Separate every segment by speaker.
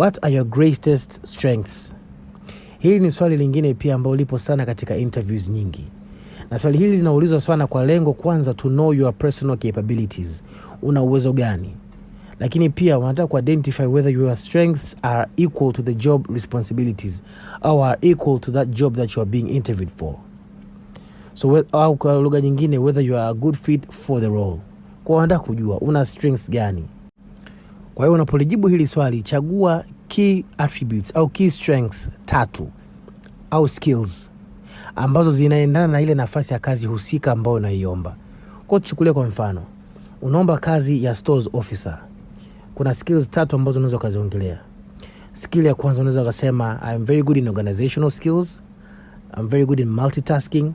Speaker 1: What are your greatest strengths? Hili ni swali lingine pia ambalo lipo sana katika interviews nyingi, na swali hili linaulizwa sana kwa lengo kwanza, to know your personal capabilities, una uwezo gani? Lakini pia wanataka ku identify whether your strengths are equal to the job responsibilities or are equal to that job that you are being interviewed for. So, au kwa lugha nyingine, whether you are a good fit for the role. Kwa wanataka kujua una strengths gani. Kwa hiyo unapolijibu hili swali, chagua key attributes au key strengths tatu au skills ambazo zinaendana na ile nafasi ya kazi husika ambayo unaiomba. Kwa tuchukulia kwa mfano, unaomba kazi ya stores officer. Kuna skills tatu ambazo unaweza kuziongelea. Skill ya kwanza unaweza ukasema I'm very good in organizational skills, I'm very good in multitasking,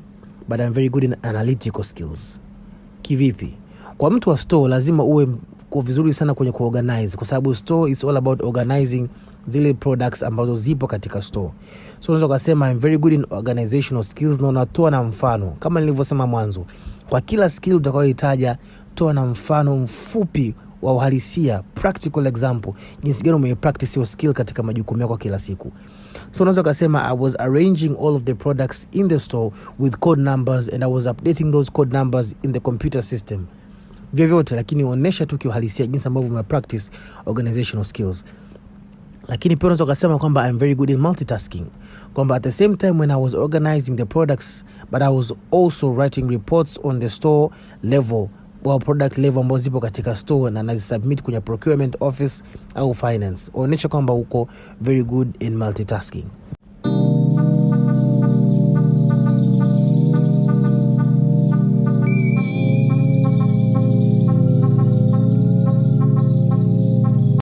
Speaker 1: but I'm very good in analytical skills. Kivipi? Kwa mtu wa store lazima uwe wako vizuri sana kwenye kuorganize, kwa sababu store is all about organizing zile products ambazo zipo katika store. So unaweza kusema I'm very good in organizational skills, na unatoa na mfano kama nilivyosema mwanzo, kwa kila skill utakayohitaja toa na mfano mfupi wa uhalisia, practical example, jinsi gani practice your skill katika majukumu yako kila siku. So unaweza kusema I was arranging all of the products in the store with code numbers and I was updating those code numbers in the computer system vyovyote, lakini onyesha tu kiuhalisia jinsi ambavyo ume practice organizational skills. Lakini pia unaweza ukasema kwamba I'm very good in multitasking, kwamba at the same time when I was organizing the products but I was also writing reports on the store level Well, product level ambazo zipo katika store na nazisubmit kwenye procurement office au finance. Onyesha kwamba uko very good in multitasking.